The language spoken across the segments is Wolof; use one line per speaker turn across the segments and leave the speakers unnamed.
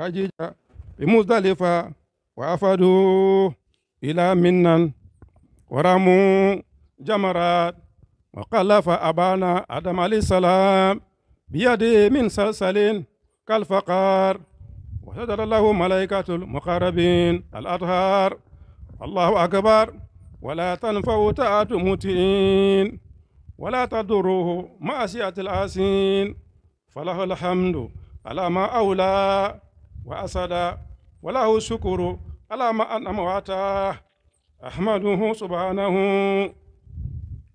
حجيج بمزدلفة وأفدوا إلى منن ورموا جمرات وقلف أبانا آدم عليه السلام بيده من سلسل كالفقار وسجد له ملائكة المقربين الأطهار الله أكبر ولا تنفع طاعة متئين ولا تضره معصية العاصين فله الحمد على ما أولى وأسدا وله الشكر على ما أنعم وأتاه أحمده سبحانه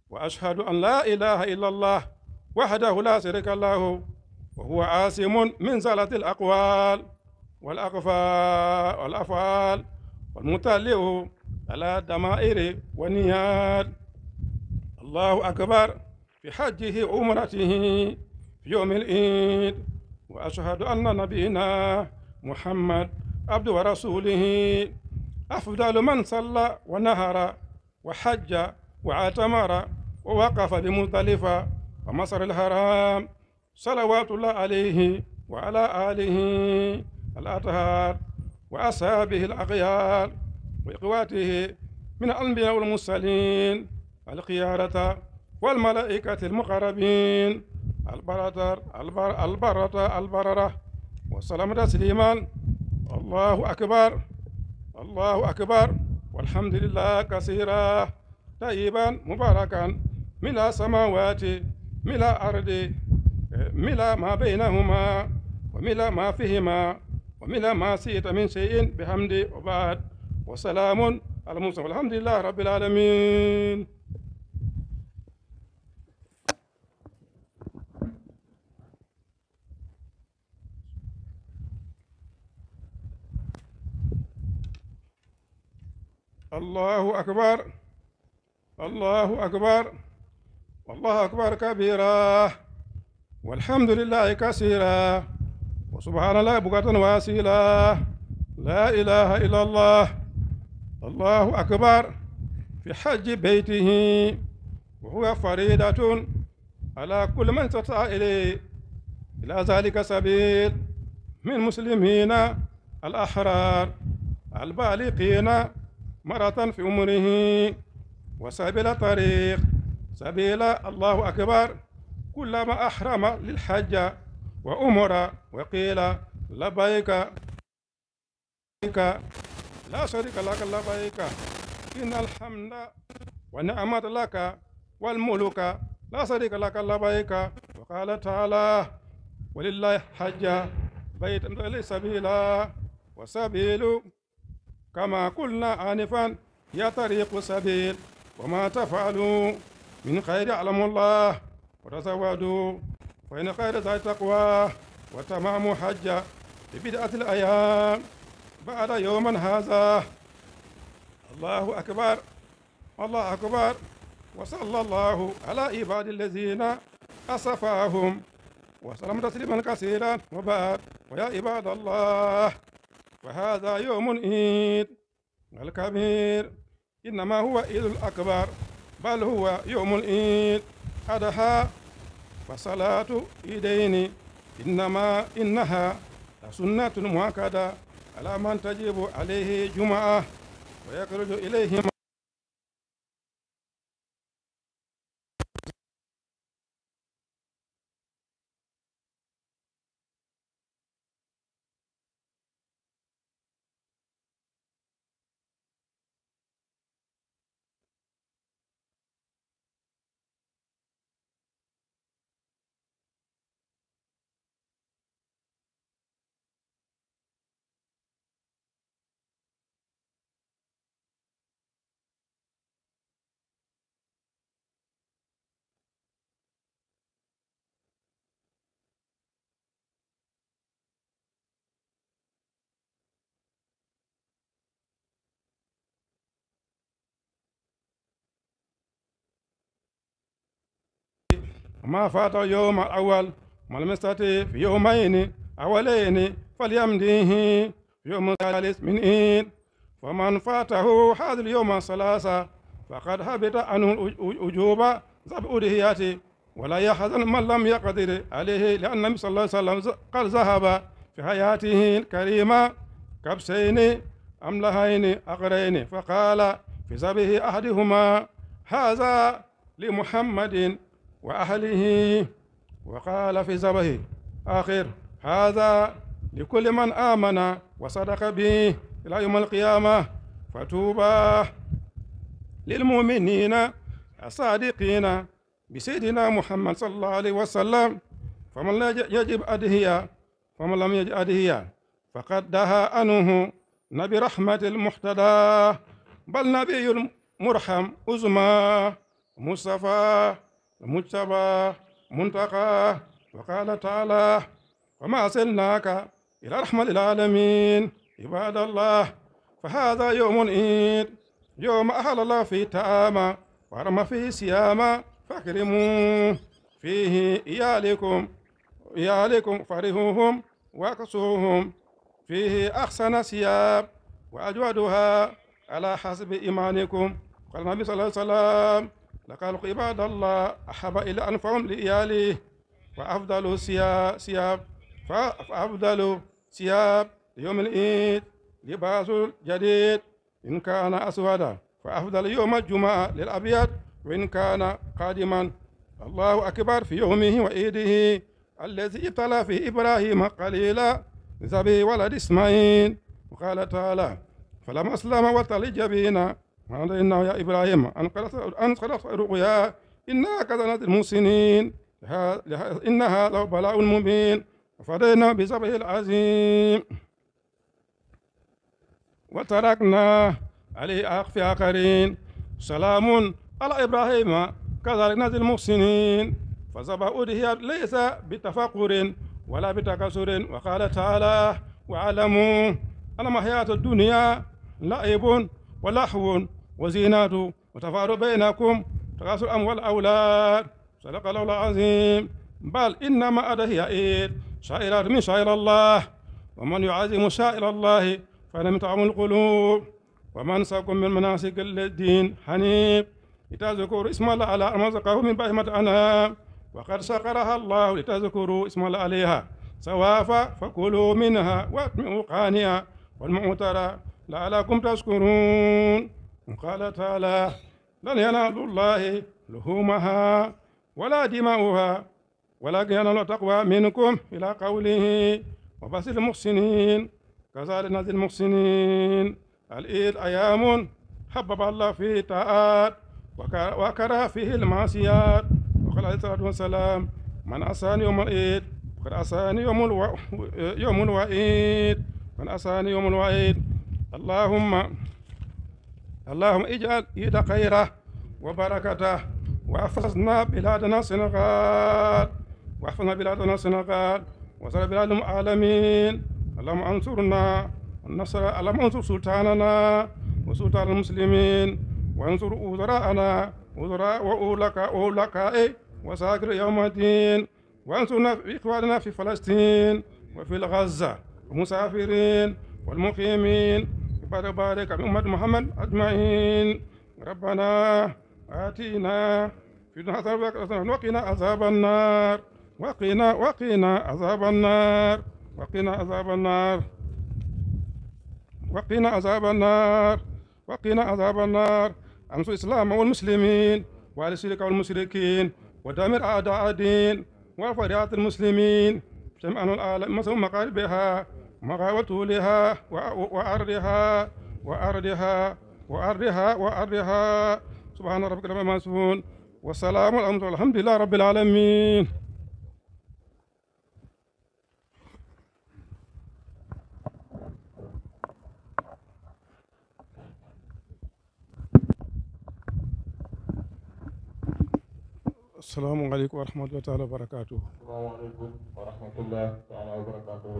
وأشهد أن لا إله إلا الله وحده لا شريك له وهو عاصم من زلة الأقوال والأقفال والأفعال والمتلئ على الدمائر والنيات الله أكبر في حجه عمرته في يوم العيد وأشهد أن نبينا محمد عبد ورسوله أفضل من صلى ونهر وحج وعتمر ووقف بمزدلفة ومصر الحرام صلوات الله عليه وعلى آله الأطهار وأصحابه الأخيار وإخواته من الأنبياء والمرسلين الخيارة والملائكة المقربين البررة البررة البررة وسلامة سليمان الله أكبر الله أكبر والحمد لله كثيرا طيبا مباركا ملا سماوات ملا أرض ملا ما بينهما وملا ما فيهما وملا ما سيت من شيء بحمد وبعد وسلام على المرسلين والحمد لله رب العالمين الله أكبر الله أكبر والله أكبر كبيرا والحمد لله كثيرا وسبحان الله بكرة واسيلا لا إله إلا الله الله أكبر في حج بيته وهو فريدة على كل من استطاع إليه إلى ذلك سبيل من مسلمين الأحرار البالغين مرة في عمره وسبيل طريق سبيل الله أكبر كلما أحرم للحج وأمر وقيل لبيك لا شريك لك لبيك إن الحمد ونعمة لك والملك لا شريك لك لبيك وقال تعالى ولله حج بيت ليس سبيلا وسبيل كما قلنا آنفا هي طريق السبيل وما تفعلوا من خير يعلم الله وتزودوا فإن خير ذات تقوى وتمام حجة ببدعة الأيام بعد يوم هذا الله أكبر الله أكبر وصلى الله على عباد الذين أصفاهم وسلم تسليما كثيرا وبعد ويا عباد الله فهذا يوم عيد الكبير إنما هو عيد الأكبر بل هو يوم العيد أضحى فصلاة عيدين إنما إنها سنة مؤكدة على من تجب عليه جمعة ويخرج إليهما وما فات اليوم الأول ما لم يستطيع في يومين أولين فليمديه يوم الثالث من إيد ومن فاته هذا اليوم الثلاثة فقد هبط عنه الأجوبة ذبح أدهياته ولا يحزن من لم يقدر عليه لأن النبي صلى الله عليه وسلم قد ذهب في حياته الكريمة كبسين أملهين أقرين فقال في ذبه أحدهما هذا لمحمد وأهله وقال في زبه آخر هذا لكل من آمن وصدق به إلى يوم القيامة فتوبى للمؤمنين الصادقين بسيدنا محمد صلى الله عليه وسلم فمن يجب أدهيا فمن لم يجب أدهيا فقد دها أنه نبي رحمة المحتدى بل نبي المرحم أزمى مصطفى مجتبى منتقى وقال تعالى وما أرسلناك إلى رحمة العالمين عباد الله فهذا يوم عيد يوم أهل الله في تأمى ورمى فيه سيامة فاكرموا فيه إيالكم إيالكم فرهوهم واكسوهم فيه أحسن سياب وأجودها على حسب إيمانكم قال النبي صلى الله عليه وسلم لقال عباد الله أحب إلى أنفهم لإيالي وأفضل ثياب ثياب فأفضل ثياب يوم العيد لباس جديد إن كان أسودا فأفضل يوم الجمعة للأبيض وإن كان قادما الله أكبر في يومه وإيده الذي ابتلى فيه إبراهيم قليلا ذبي ولد إسماعيل وقال تعالى فلما أسلم وطل جبينا قال إنه يا إبراهيم أنقلت رؤيا إنا كذلك المحسنين إنها لو بلاء مبين فدينا بسبه العظيم وتركنا عليه أخ في آخرين سلام على إبراهيم كذلك نزل المحسنين فذبحوا ليس بتفقر ولا بتكسر وقال تعالى وعلموا أن حياة الدنيا لعب ولحو وزينة وتفاعل بينكم تغاسل أموال والأولاد صدق الله العظيم بل إنما هي إيد شائرات من شائر الله ومن يعزم شائر الله فلم تعم القلوب ومن ساكم من مناسك الدين حنيف لتذكر اسم الله على أرمزقه من بهمة أنا وقد سقرها الله لتذكروا اسم الله عليها سوافا فكلوا منها واتمئوا قانيا والمعترى لعلكم تشكرون وقال تعالى لن ينالوا الله لحومها ولا دماؤها ولكن ينالوا التقوى منكم إلى قوله وبس المحسنين كذلك نزل المحسنين الإيد أيام حبب الله فيه طاعات وكره فيه المعصيات وقال عليه الصلاة والسلام من أساني يوم الإيد وقد أساني يوم الوعيد من أساني يوم الوعيد اللهم اللهم اجعل يد خيره وبركته واحفظنا بلادنا سنغال واحفظنا بلادنا سنغال وصل بلاد العالمين اللهم انصرنا النصر اللهم انصر سلطاننا وسلطان المسلمين وانصر وزراءنا وزراء وأولك وأولكاء وساكر يوم الدين وانصرنا في إخواننا في فلسطين وفي الغزة المسافرين والمقيمين اقبل بارك على أمة محمد أجمعين ربنا آتينا في الدنيا حسنة وقنا عذاب النار وقنا وقنا عذاب النار وقنا عذاب النار وقنا عذاب النار وقنا عذاب النار أنصر الإسلام والمسلمين وعلى الشرك والمشركين ودمر أعداء الدين وفريات المسلمين جميعا العالم مصر مقاربها وطولها وأرضها وأرضها وأرضها وأرضها سبحان ربك رب المسؤول والسلام عليكم والحمد لله رب العالمين السلام عليكم ورحمة الله تعالى وبركاته السلام عليكم ورحمة الله تعالى وبركاته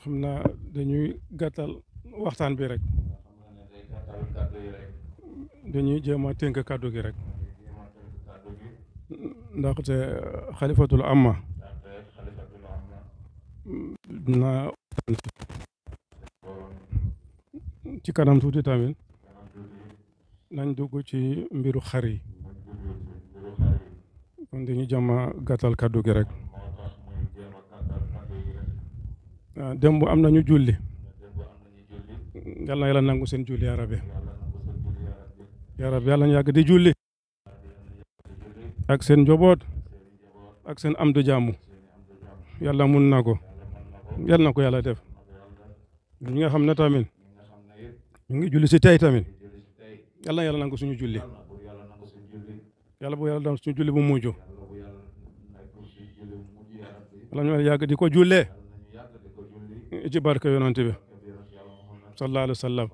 xam naa dañuy gàttal waxtaan bi rek. dañuy jéem a kàddu gi rek. ndaxte euh, xalifatul amma. naa ci. kanam tuuti tamit. nañ dugg ci mbiru xar yi. kon dañuy jéem gàttal kàddu gi rek. démb am nañu julli yàlla na yàlla nangu seen julli yaa rabbi yaa rabbi yàlla ñu yàgg di julli ak seen njoboot ak seen am du jàmm yàlla mun na ko yàlla na ko yàlla def ñi nga xam ne tamit ñu ngi julli si tey tamit yàlla na yàlla nangu suñu julli yàlla bu yàlla daan suñu julli bu mujj yàlla ñu yàgg di ko jullee ci barke yonent bi sallallahu alayhi wa sallam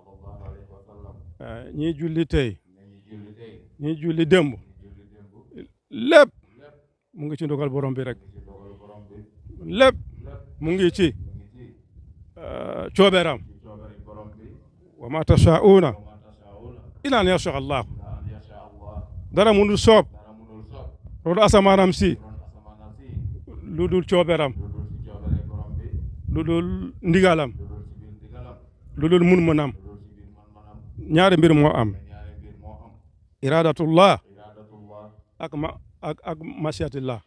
ñiy julli tey ñiy julli démb lépp mu ngi ci ndogal borom bi rek lépp mu ngi ci euh, coobeeram wa ma tashaa'uuna illa Allah dara mënul soob loolu asamaanam si lu dul coobeeram lu dul ndigalam lu dul mun mënam ñaari mbir moo am iradatullah ak ma ak ak masiatillah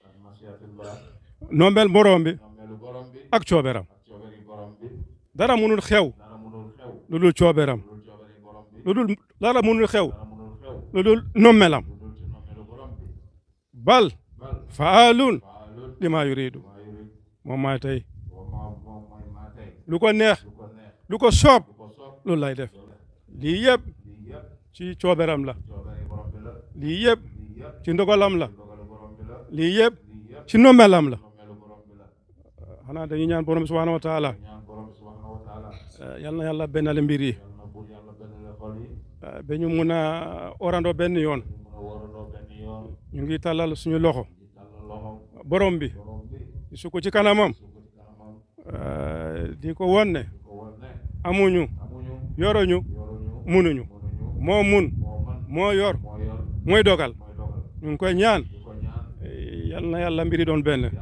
nombel borom bi ak cooberam dara munul xew lu dul cooberam lu dul dara munul xew lu dul nommelam bal faalun li ma yuridu moom maay tey lu ko neex lu ko soob loolu lay def lii yëpp ci cooberam la lii yëpp ci ndogalam la lii yëpp ci nommelam la dañuy ñaan borom bi subhanahu wa taala eh, yal na yàlla bennale mbir yi eh, ba ñu mun a orandoo benn yoon ñu ngi tàllal suñu loxo borom bi su ci kanamam di ko won ne amuñu yoruñu munuñu moo mun moo yor mooy dogal ñu ngi koy ñaan eh, yal na yàlla mbiri doon benn eh,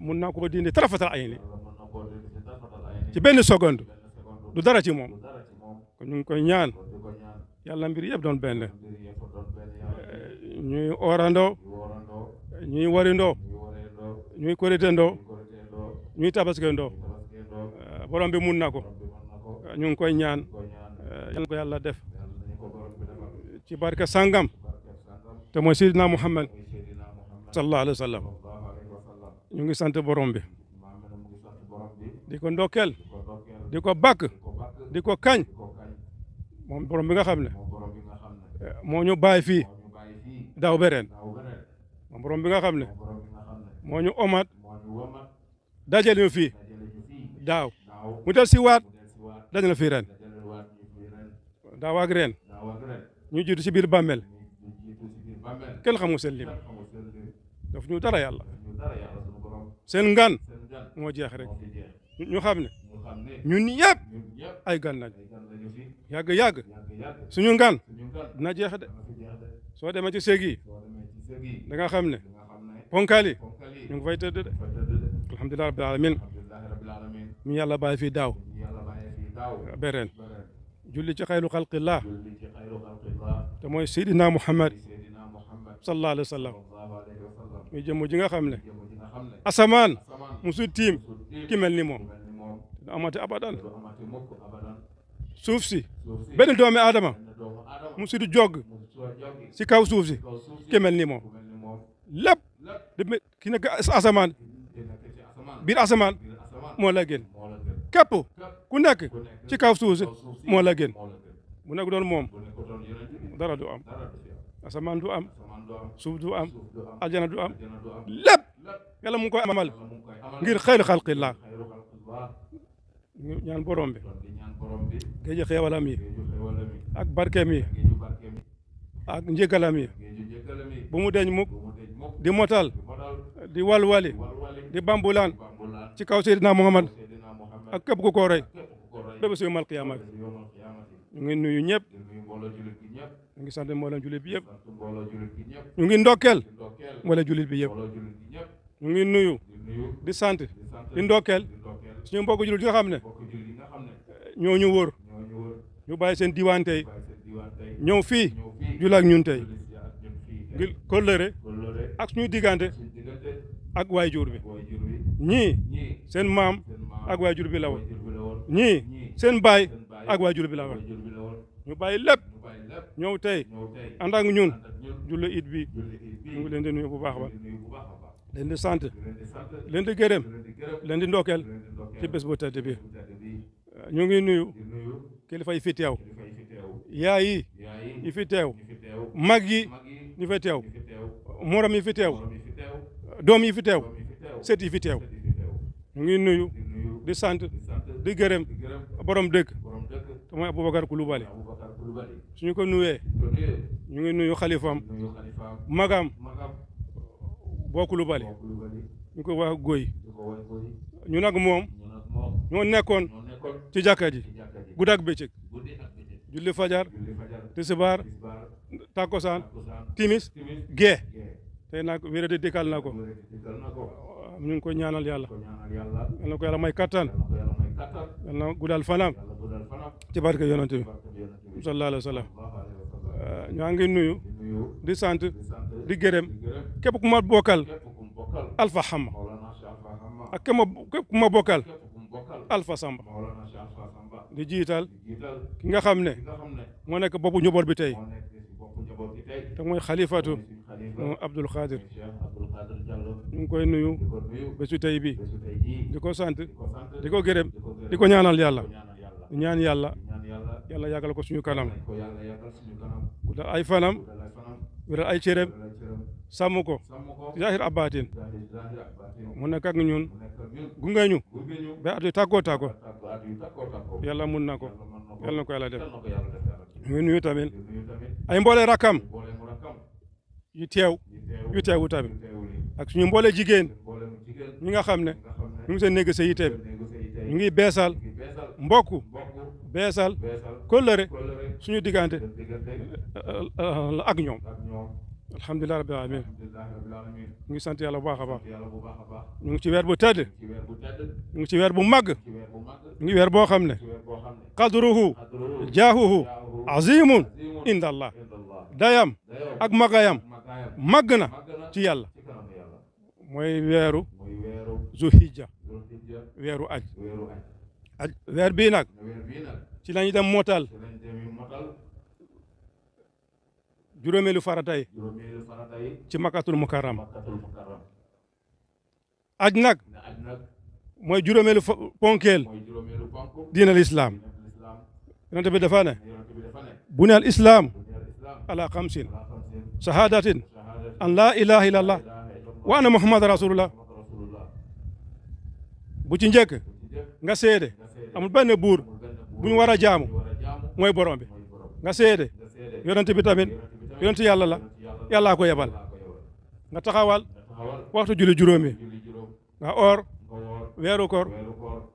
mun naa ko dindi tarafatal ay ci benn seconde du dara ci moom kon ñu ngi koy ñaan yàlla mbiri yëpp doon benn eh, ñuy orandoo ñuy warindoo ñuy koritendoo ñuy tabaskendoo eh, borom bi mun na ko eh, ñu ngi koy ñaan yal eh, ko yàlla def ci barke sangam te mooy Seydina Muhammad sallallahu alayhi wa sallam ñu ngi sant borom bi di ko ndokkeel di ko kañ moom borom bi nga xam ne moo ñu bàyyi fii daaw bereen moom borom nga xam ne moñu omat dajel ñu fi daw mu del wat dañ la fi ren daaw ak ren ñu jitu si bir bammel
kel xamu seen lim daf ñu dara yalla
sen ngan mo jeex rek ñu xamne ne ñun yëpp ay gan nañ yag yag suñu ngan na jeex de so demé ci segi da nga xamne ponkali ñu ngi fay tëdd de alhamdulilah rabil alamin mi yàlla bàyyi fii daaw ba julli ci xayru xalqillah te mooy seydina muhammad sallallahu alayhi wa sallam mi jëmm ji nga xam ne asamaan musul tiim ki mel ni moom du amati abadan suuf si benn doomi aadama musul di jog si kaw suuf si ki mel ni moom lépp de ki nekk asamaan biir asamaan moo la gën képp ku nekk ci kaw suuf si moo la gën bu nekk doon moom dara du am asamaan du am suuf du am aljana du am lépp yàlla mu koy amal ngir xayru xalqillah ñaan borom bi géej yi ak barkeem yi ak njëgalam yi bu mu deñ mukk di motal di walwali di bambulaan ci kaw Seydina Muhammad ak ku ko roy bépp su yomal qiyaama bi ñu ngi nuyu ñëpp ngi sant mboolem jullit bi yëpp ñu ngi ndokkeel mboolem bi yëpp ñu ngi nuyu di sant di ndokkeel suñu mbokk jullit yi nga xam ne ñoo ñu wóor ñu bàyyi sen diwaan tey ñëw fii jul ak ñun ak suñu diggante ak waajur bi ñii seen maam ak waajur bi la woon ñii seen baay ak waajur bi la woon ñu bàyyi lépp ñëw tey ànd ak ñun la it bi ñu ngi leen di nuyu bu baax ba leen di sant leen di gërëm leen di ci bés bu tedd bi ñu ngi nuyu kilifa yi fi teew yaay yi fi teew mag yi ñu fi teew morom yi fi teew doom yi fi teew sët yi teew ñu ngi nuyu di sant di gërëm borom dëkk te mooy Aboubacar Coulibaly su ko nuyee ñu nuyu xalifaam magam boo Coulibaly ñu ko wax góy ñu nag moom ñoo nekkoon ci jàkka ji guddi ak fajar tisbaar takkusaan timis gee tey naa ko wéradi dikkal naa ko ñu ngi koy ñaanal yàlla yal ko yàlla may kattan yal na guddal fanam ci barke yonent bi sallallahu alayhi wa sallam ñaa ngi nuyu di sant di gërëm képp ku ma bokkal Alpha Hamma ak képp ma képp ku ma Samba di jiital ki nga xam ne moo nekk boppu njaboot bi tey te mooy xalifatu moom Abdoul Khadir ñu ngi koy nuyu bésu tey bi di ko sant di ko gërëm di ko ñaanal yàlla ñaan yàlla yàlla yàggal ko suñu kanam ku dal ay fanam wéral ay cërëm sàmm ko zahir abatin mu nekk ak ñun gunge ñu ba at yu tàggoo tàggoo mun na ko
yàlla na ko yàlla def
ñu nuyu tamit ay mboole rakam yu teew yu teewu tamit ak suñu mboole jigéen ñi nga xam ne ñu ngi seen néeg sey yite bi ñu ngi beesal mbokk beesal kóllëre suñu diggante euh, ak ñoom alhamdulilah rabbil alamin ñu ngi sant yàlla bu baax a baax ñu ngi ci weer bu tedd ñu ngi ci weer bu màgg ñu ngi weer boo xam ne qadruhu jaahuhu azimun inda dayam ak magayam màgg na ci yàlla mooy weeru Zuhijja weeru aj aj weer bii nag ci lañu dem motal juróomeelu farata yi ci makkatul mukarram aj nag mooy juróomeelu ponkeel diinal islaam yonente bi dafa ne bu ne al islaam على خمس شهادة أن لا إله إلا الله وأنا محمد رسول الله bu ci njëkk nga seede amul benn buur bu ñu war a jaamu mooy borom bi nga seede yonent bi tamit yonent yàlla la yàllaa ko yebal nga taxawal waxtu julli juróomi nga oor weeru koor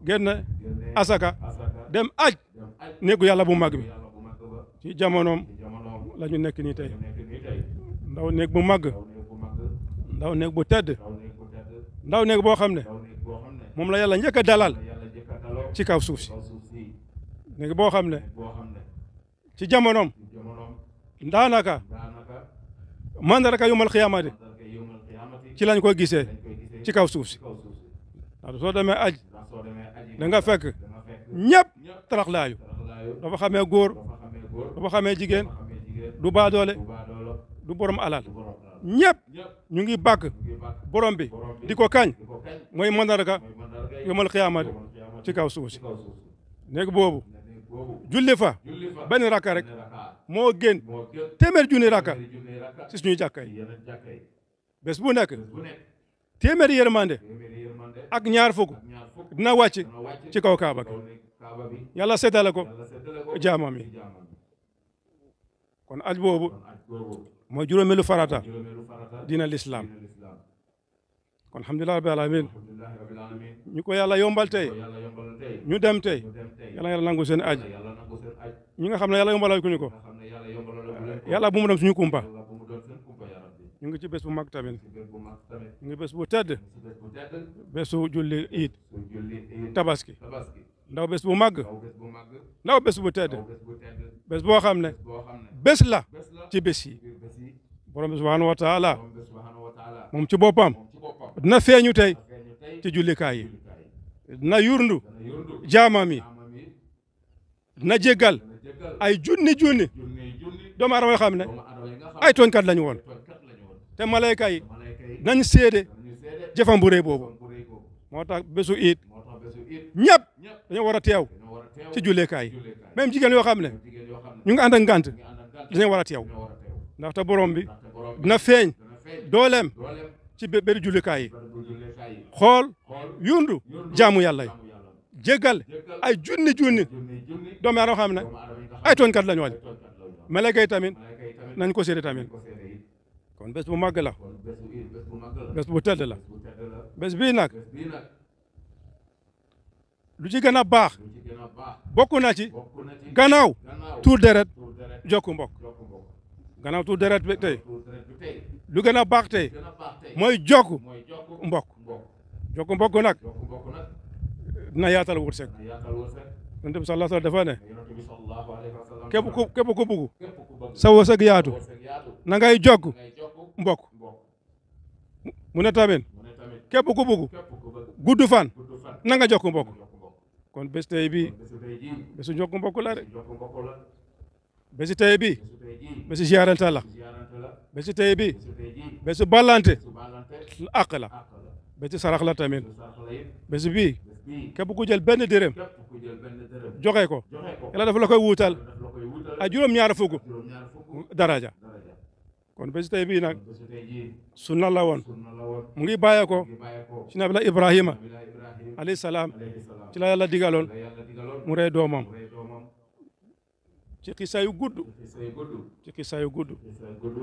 génn asaka dem aj néegu yàlla bu mag bi ci jamonoom la ñu nekk nii tey ndaw néeg bu mag ndaw néeg bu tedd ndaw néeg boo xam ne moom la yàlla njëkk a dalal ci kaw suuf si néeg boo xam ne ci jamonoom daanaka mandaraka yumal xiyaamati ci lañ ko gisee ci kaw suuf si ndax soo demee aj da nga fekk ñëpp taraxlaayu dafa xamee góor dafa xamee jigéen du baadoole du borom alal ñëpp ñu ngi bàkk borom bi di ko kañ mooy mandarga yomal xiyaama ci kaw suuf si néeg boobu julli fa benn rakka rek moo gën téeméer junni rakka si suñuy jàkka yi bés bu nekk téeméer yërmande ak ñaar fukk dina wàcc ci kaw kaaba gi yàlla seetale ko jaamam kon aj boobu mooy juróomeelu farata dina lislaam kon alhamdulilah rabbil alamin ñu ko yàlla yombal tey ñu dem tey yàlla yàlla nangu seen aj ñi nga xam ne yàlla yombalal ku ñu ko yàlla bu mu dem suñu kumpa ñu ngi ci bes bu mag tamit ñu ngi bés bu tedd bésu julli iid tabaski ndaw bés bu mag ndaw bés bu tedd bés boo xam ne bés la ci bés yi borom bi subhaanahu wa taala moom ci boppam dina feeñu tey ci jullikaay yi dina yurndu jaamam yi dina jéggal ay junni junni doomu aadama yoo xam ne ay tooñkat lañu woon te malayka yi nañ seede jëfam bu rëy boobu moo tax bésu iit ñëpp dañoo war a teew ci jullikaay yi même jigéen yoo xam ne ñu ngi ànd ak ngànt dañoo war a teew ndaxte borom bi dina feeñ dooleem ci bëri jullikaay yi xool yundu jaamu yàlla yi jéggal ay junni junni doomu aadama xam ne ay tooñkat lañu wàññi malaaka yi tamit nañ ko seede tamit kon bés bu màgg la bés bu tedd la bés bii nag lu ci gën a baax bokk na ci gannaaw tuur deret jokku mbokk gannaaw tuur deret bi tey lu gën a baax tey mooy jokku mbokk jokku mbokk nag dina yaatal wërsëg yonent bi sallallahu alayhi wa sallam dafa ne sa wërsëg yaatu na ngay jokk mbokk mu ne tamit képp ku bugg gudd fan na nga jokk mbokk kon bés tey bi bésu njokk mbokk la de bésu tey bi bésu ziarante la bésu tey bi bésu ballante àq la bésu sarax la tamit bésu bii képp ku jël benn dërëm joxe ko yàlla dafa la koy a juróom-ñaar fukk daraja kon bésu tey bii nag sunna la woon mu ngi bàyyee ko ci nabila Ibrahima alayhi salaam ci la yàlla digaloon mu rey doomam ci xisa yu gudd ci xisa yu gudd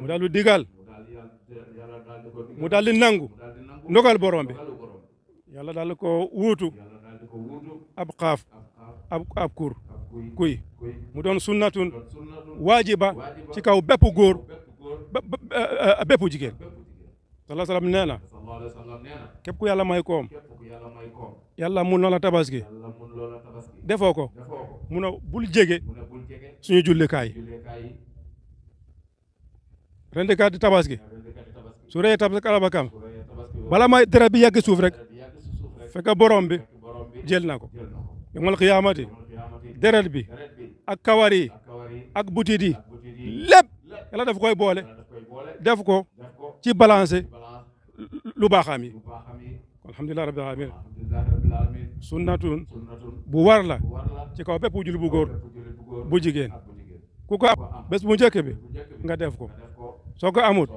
mu daal digal mu daal nangu ndogal borom bi yàlla daal ko wuutu ab xaaf ab kur kuy mu doon sunnatun waajiba ci kaw bépp góor Eh, eh, bépp jigéen sallallahu alayhi wa sallam nee na képp ku yàlla may koom yàlla mun na tabaski defoo ko mun a bul jege suñu jullikaay rendikaat di tabaski su rëyee tabaski alabakam bala may dara bi yàgg suuf rek fekk borom bi jël na ko yomal deret bi ak kawar ak butit yi def daf koy boole def ko ci balancé lu baaxaam yi alhamdulilah rabbil alamin sunnatun bu war la ci kaw bépp jul bu góor bu jigéen ku ko am bés bu njëkk bi nga def ko soo ko amut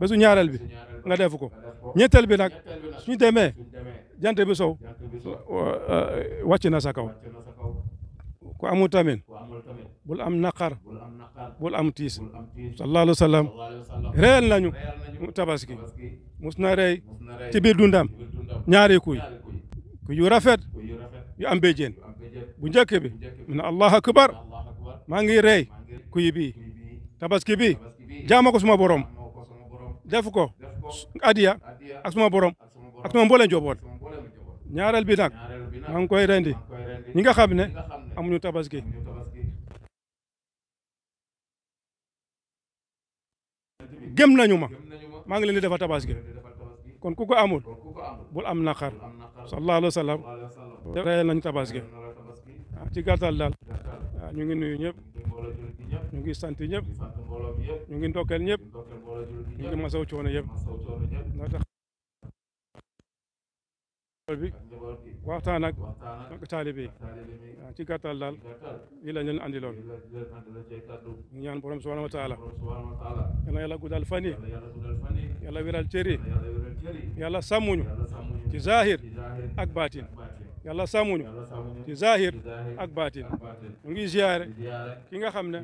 bésu ñaareel bi nga def ko ñetteel bi nag suñu demee jant bi sow wàcc na sa kaw ku amul tamit bul am naqar bul am tiis sallallahu alayhi wa sallam reyal nañu tabaski mus na rey ci biir dundam ñaari kuy ku yu rafet yu am béjjeen bu njëkk bi mu ne allahu akbar maa ngi rey kuy bi tabaski bi jaama ko suma borom def ko adiya ak suma borom ak suma mbooleen joboot ñaareel bi nag maa ngi koy rendi ñi nga xam ne amuñu tabaski gëm nañu ma maa ngi leen di defal tabaski kon ku ko amul bul am naqar sallallahu alayhi wa sallam reyal nañu tabaski ah, ci gàttal daal ah, ñu ngi nuyu ñëpp ñu ngi sant ñëpp ñu ngi ndokkeel ñëpp ñu ngi masaw coono yëpp bi waxtaan ak taalibe waaw ci gàttal daal lii lañ leen andi loon ñaan borom subhanahu wa taala yàlla yàlla guddal fan yi yàlla wéral ci zahir ak baatin yalla sàmmuñu ci zahir ak baatin ñu ngi ziyaare ki nga xam ne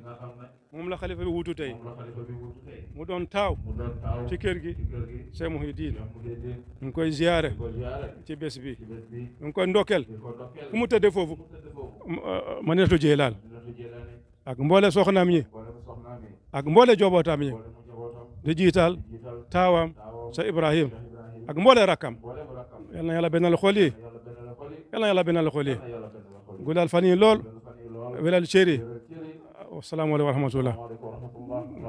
moom la xalifa bi wutu tey mu doon taaw ci kër gi Cheikh Mouhidine ñu ngi koy ziyaare ci bés bi ñu ngi koy ndokkeel ku mu tëddee foofu uh, uh, Madinatu Jeylaal ak mboole soxnaam ñi ak mboole jobootaam ñi di jiital taawaam Ibrahim ak mboole rakkam yal na yàlla bennal يلا يلا بنا لخولي قول الفني لول ولا الشيري والسلام عليكم ورحمه الله